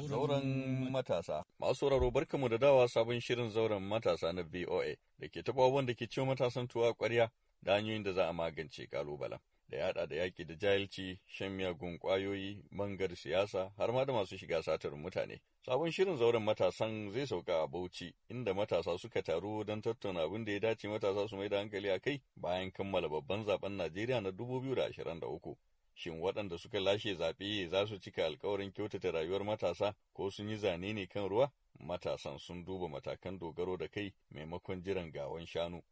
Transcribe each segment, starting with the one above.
Zauren matasa. Masu sauraro mu da dawa sabon shirin zauren matasa na VOA da ke taɓa wanda ke ciwo matasan tuwa ƙwarya da hanyoyin da za a magance ƙalubalen. Da ya da yaƙi da jahilci, shan miyagun ƙwayoyi, bangar siyasa, har ma da masu shiga satar mutane. Sabon shirin zauren matasan zai sauka a Bauchi, inda matasa suka taru don tattauna abin da ya dace matasa su mai da hankali a kai bayan kammala babban zaben Najeriya na dubu biyu da uku. Shin waɗanda suka lashe zaɓe za su cika alkawarin kyautata rayuwar matasa ko sun yi zane ne kan ruwa? Matasan sun duba matakan dogaro da kai maimakon jiran gawan shanu.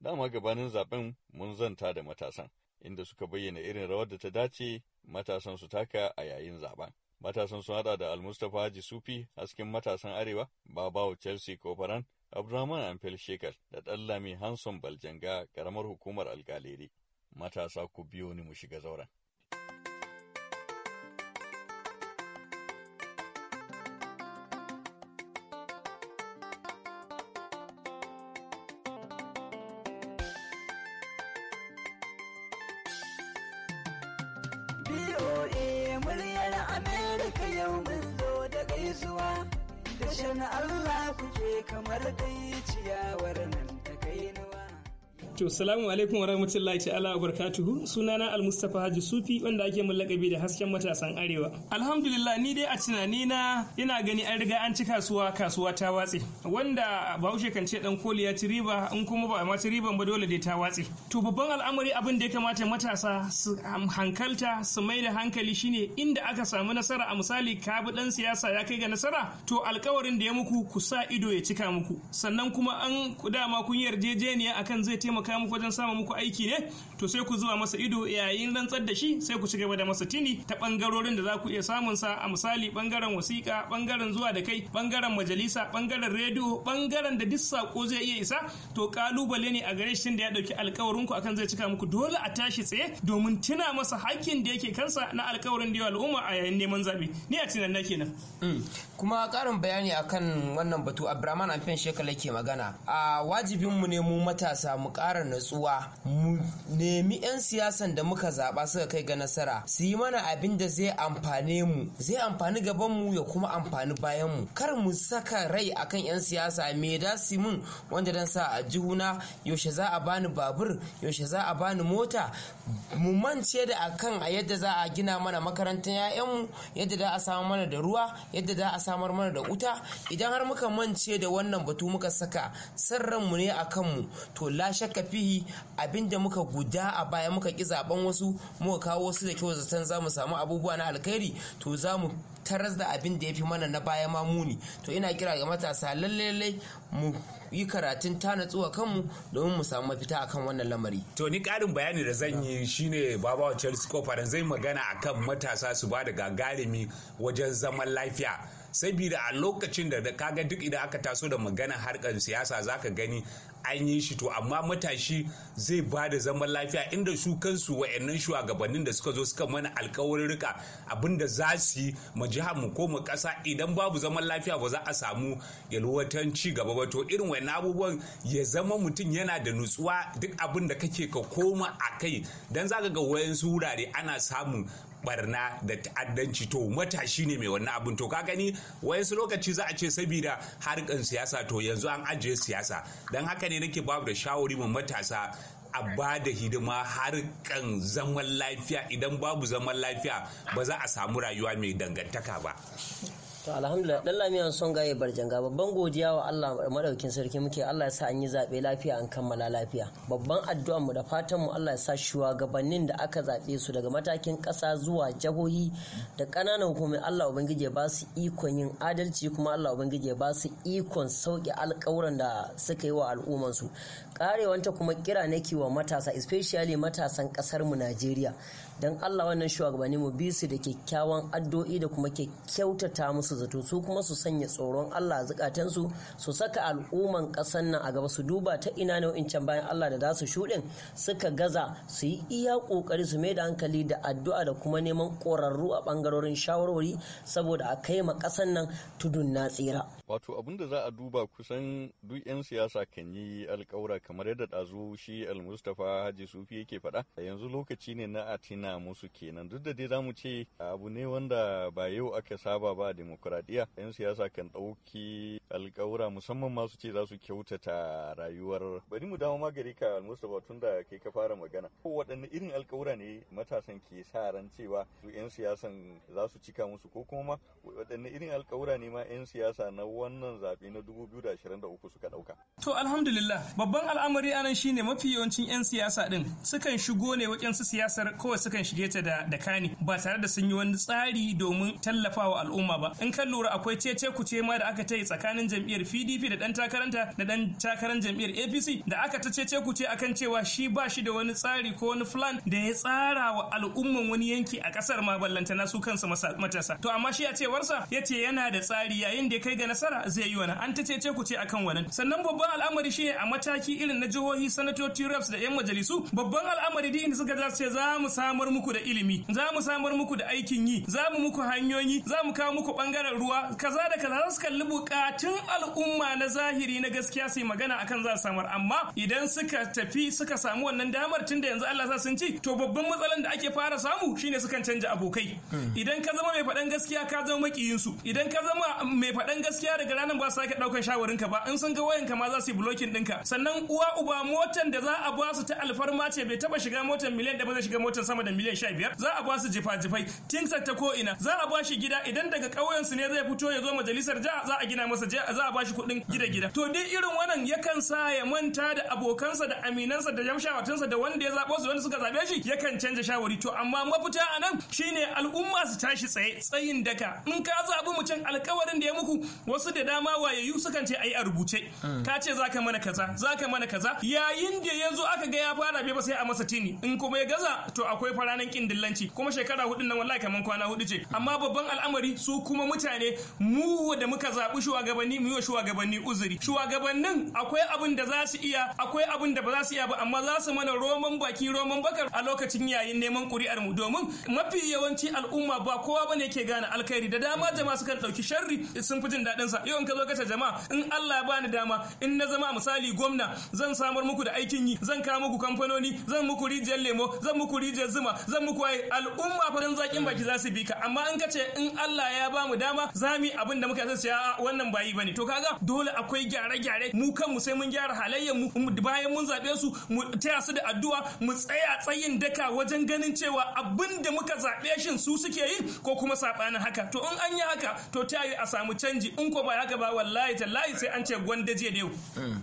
Dama gabanin zaɓen mun zanta da matasan, inda suka bayyana irin rawar da ta dace matasan su taka a yayin zaɓen. Matasan sun haɗa da Almustapha Haji Sufi, hasken matasan Arewa, Babawo Chelsea Kofaran, Abdurrahman Amfel Shekar da Ɗallami Hanson Baljanga, ƙaramar hukumar alƙaleri. Matasa ku biyo ni mu shiga zauren. BOA muryar Amerika yau mun zo da gaisuwa. Dashen Allah ku je kamar dai ciyawar nan. To salamu alaikum wa rahmatullahi ta'ala wa barakatuhu sunana Al-Mustafa Haji Sufi wanda ake mun lakabi da hasken matasan Arewa. Alhamdulillah ni dai a tunani na ina gani an riga an ci kasuwa kasuwa ta watse wanda Bahaushe kan ce dan koli ya ci riba in kuma ba ma ci riban ba dole dai ta watse. To babban al'amari abin da ya kamata matasa su um, hankalta su mai da hankali shine inda aka samu nasara a misali ka bi dan siyasa ya kai ga nasara to alkawarin da ya muku ku sa ido ya cika muku sannan kuma an dama kun yarjejeniya akan zai taimaka taimaka muku wajen samun muku aiki ne to sai ku zuwa masa ido yayin rantsar da shi sai ku cigaba da masa tini ta bangarorin da za ku iya samun sa a misali bangaren wasiƙa bangaren zuwa da kai bangaren majalisa bangaren rediyo bangaren da duk sako zai iya isa to kalubale ne a gare shi da ya dauki alkawarin ku akan zai cika muku dole a tashi tsaye domin tuna masa hakkin da yake kansa na alkawarin da ya al'umma a yayin neman zabe ni a tunan na kenan mm. kuma karin bayani akan wannan batu abdurrahman amfen shekala ke magana a mu ne mu matasa mu kara natsuwa mu nemi 'yan siyasan da muka zaɓa suka kai ga nasara su yi mana abin da zai amfane mu zai amfani gabanmu ya kuma amfani mu kar mu saka rai akan 'yan siyasa me da su mun wanda dan sa a juna yaushe za a bani babur yaushe za a bani mota mu mance da akan a yadda za a gina mana makarantar 'ya'yanmu yadda za a samu mana da ruwa yadda za a samu samar mana da wuta idan har muka mance da wannan batu muka saka sarranmu ne a kanmu to la shakka fihi abinda muka guda a baya muka ki zaben wasu muka kawo wasu da kyau zaton za mu samu abubuwa na alkhairi to za mu taras da abin da ya fi mana na baya ma muni to ina kira ga matasa lallai-lallai mu yi karatun ta natsuwa kanmu domin mu samu mafita akan wannan lamari to ni karin bayani da zan yi shine baba chelsea kofar zai magana akan matasa su ba da gagarumi wajen zaman lafiya saboda a lokacin da kaga duk idan aka taso da magana harkar siyasa zaka gani an yi shi to amma matashi zai ba da zaman lafiya inda su kansu wa'annan shugabannin da suka zo suka mana alkawarin rika abinda za su yi mu jiha mu ko mu kasa idan babu zaman lafiya ba za a samu yalwatan ci gaba ba to irin wa'annan abubuwan ya zama mutum yana da nutsuwa duk abin da kake ka koma a kai dan zaka ga wayansu wurare ana samun barna da ta'addanci to matashi ne mai wannan abin to ka gani wayansu lokaci za a ce saboda harkan siyasa to yanzu an ajiye siyasa don haka ne nake babu da shawari ma matasa a ba da hidima harkan zaman lafiya idan babu zaman lafiya ba za a samu rayuwa mai dangantaka ba to alhamdulillah dan lamiyan son gaye janga babban godiya wa Allah madaukin sarki muke Allah ya sa an yi zabe lafiya an kammala lafiya babban addu'a mu da fatan mu Allah ya sa shugabannin da aka zabe su daga matakin kasa zuwa jahohi da kananan hukumai Allah ubangije ba su ikon yin adalci kuma Allah ubangije ba su ikon sauke alƙawuran da suka yi wa al'umman su karewanta kuma kira nake wa matasa especially matasan kasar mu Najeriya don Allah wannan shugabanni mu bi su da kyakkyawan addu'o'i da kuma kyakkyautata musu zato su kuma su sanya tsoron Allah zukatan su saka al'umman kasan nan a gaba su duba ta ina ne can bayan Allah da za su shuɗin suka gaza su yi iya ƙoƙari su mai da hankali da addu'a da kuma neman ƙorarru a bangarorin shawarwari saboda a kai ma ƙasan nan tudun na tsira. Wato abin da za a duba kusan duk 'yan siyasa kan yi alƙawura kamar yadda ɗazu shi Al-Mustapha Haji Sufi yake faɗa yanzu lokaci ne na a musu kenan duk da dai zamu ce abu ne wanda ba yau aka saba ba a demokuraɗiyya yan siyasa kan ɗauki alƙawura musamman masu ce za su kyautata rayuwar bari mu dawo magari ka ba tun da kai ka fara magana ko waɗanne irin alƙawura ne matasan ke sa ran cewa su yan siyasan za su cika musu ko kuma ma waɗanne irin alƙawura ne ma yan siyasa na wannan zaɓe na 2023 suka ɗauka. to alhamdulillah babban al'amari anan shine mafi yawancin yan siyasa ɗin sukan shigo ne wajen su siyasar kawai suka sukan shige ta da kani ba tare da sun yi wani tsari domin tallafawa al'umma ba in kan lura akwai cece kuce ma da aka ta yi tsakanin jam'iyyar PDP da dan takaranta da dan takarar jam'iyyar APC da aka ta cece kuce akan cewa shi ba shi da wani tsari ko wani plan da ya tsara wa al'umman wani yanki a kasar ma ballantana su kansa matasa to amma shi a cewarsa ya ce yana da tsari yayin da ya kai ga nasara zai yi wani an ta cece kuce akan wannan sannan babban al'amari shi a mataki irin na jihohi sanatoci reps da yan majalisu babban al'amari din da suka ce za mu samu samar muku da ilimi za mu samar muku da aikin yi za mu muku hanyoyi za mu kawo muku bangaren ruwa kaza da kaza za su kalli bukatun al'umma na zahiri na gaskiya su magana akan za samar amma idan suka tafi suka samu wannan damar tun da yanzu Allah sa sun ci to babban matsalan da ake fara samu shine sukan canja abokai hmm. idan ka zama mai faɗan gaskiya ka zama makiyin su idan ka zama mai faɗan gaskiya daga ranar ba su sake ɗaukar shawarin ka ba in sun ga wayan ka ma za su yi blocking ɗinka sannan uwa uba motan da za a ba su ta alfarma ce bai taba shiga motan miliyan da ba zai shiga motan sama da miliyan sha biyar za a ba su jifa-jifai tinsa ta ko ina za a ba shi gida idan daga ƙauyen su ne zai fito ya zo majalisar jiha za a gina masa jiha za a ba shi kuɗin gida-gida to duk irin wannan yakan sa ya manta da abokansa da aminansa da jamshawatinsa da wanda ya zaɓo su wanda suka zaɓe shi yakan canza shawari to amma mafita a nan shine al'umma su tashi tsaye tsayin daka in ka zaɓi mutum alkawarin da ya muku wasu da dama wayayyu sukan ce ai a rubuce mm. ka ce ka mana kaza ka mana kaza yayin da yanzu aka ga ya fara bai ba sai a masa tini in kuma ya gaza to akwai fa ranar kin dillanci kuma shekara hudun nan wallahi kaman kwana hudu ce amma babban al'amari su kuma mutane mu da muka zaɓi shugabanni mu yi shugabanni uzuri shugabannin akwai abin da za su iya akwai abin da ba za su iya ba amma za su mana roman baki roman bakar a lokacin yayin neman kuri'ar mu domin mafi yawanci al'umma ba kowa bane ke gane alkhairi da dama jama'a sukan dauki sharri sun fi jin daɗin sa yau in ka zo kace jama'a in Allah ya bani dama in na zama misali gwamna zan samar muku da aikin yi zan kawo muku kamfanoni zan muku rijiyar lemo zan muku rijiyar zuma zan muku ai al'umma fa zakin baki za su bi ka amma in ka ce in Allah ya ba mu dama za mu yi abin da muka sai a wannan bayi bane to kaga dole akwai gyare-gyare mu kan mu sai mun gyara halayyar mu bayan mun zabe su mu taya su da addu'a mu tsaya tsayin daka wajen ganin cewa abin da muka zabe shi su suke yi ko kuma sabanin haka to in an yi haka to ta yi a samu canji in ko ba haka ba wallahi tallahi sai an ce gwanda je da yau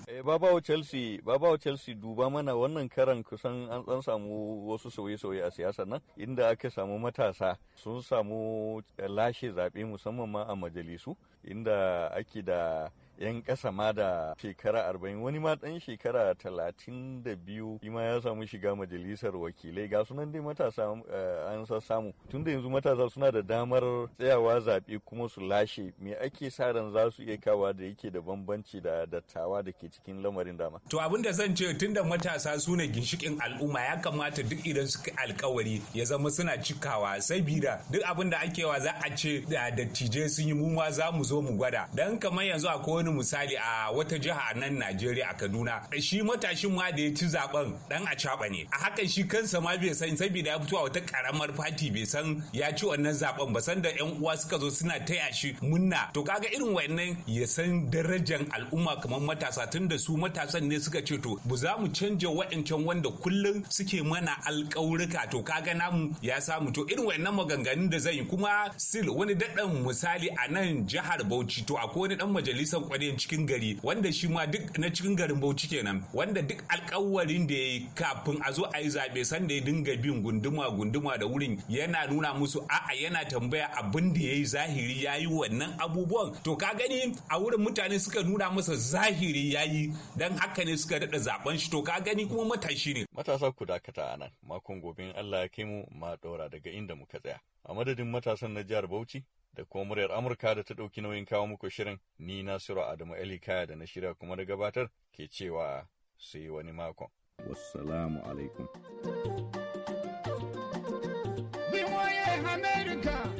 eh, babawo chelsea babawo chelsea duba mana wannan karan kusan an samu wasu sauye-sauye a siyasa nan inda aka samu matasa sun samu lashe zaɓe musamman ma a majalisu inda ake da 'yan ƙasa ma da shekara arba'in wani ma ɗan shekara talatin da biyu ima ya samu shiga majalisar wakilai ga sunan dai matasa eh, an sa samu tun da yanzu matasa suna da damar tsayawa zaɓe kuma su lashe me ake sa ran za su iya kawa da yake da bambanci da dattawa da ke cikin lamarin dama. to abin da zan ce tun da matasa suna ne ginshikin al'umma ya kamata duk idan suka alkawari ya zama suna cikawa sabida duk abin da ake wa za a ce da dattijai sun yi mu ma za mu zo mu gwada dan kamar yanzu akwai wani wani misali a wata jiha a nan Najeriya a Kaduna shi matashin ma da ya ci zaben dan a caba ne a hakan shi kansa ma bai san saboda ya fito a wata karamar fati bai san ya ci wannan zaben ba san da yan uwa suka zo suna taya shi munna to kaga irin wannan ya san darajar al'umma kamar matasa tunda su matasan ne suka ce to bu za mu canja wa'ancan wanda kullum suke mana alƙaurika to kaga namu ya samu to irin wannan maganganun da zan yi kuma sil wani daɗan misali a nan jihar Bauchi to akwai wani dan majalisar kwankwaɗe cikin gari wanda shi ma duk na cikin garin bauchi kenan wanda duk alkawarin da ya yi kafin a zo a yi zaɓe sanda ya dinga bin gunduma gunduma da wurin yana nuna musu a'a yana tambaya abin da ya yi zahiri ya yi wannan abubuwan to ka gani a wurin mutane suka nuna masa zahiri ya yi don haka ne suka daɗa zaɓen shi to ka gani kuma matashi ne. matasa ku dakata a nan makon gobe in Allah ya kai mu ma ɗora daga inda muka tsaya a madadin matasan na jihar Bauchi da kuma muryar Amurka da ta ɗauki nauyin kawo muku shirin ni Nasiru Adamu Ali Kaya da na shirya kuma da gabatar ke cewa sai wani makon. Wassalamu alaikum. America.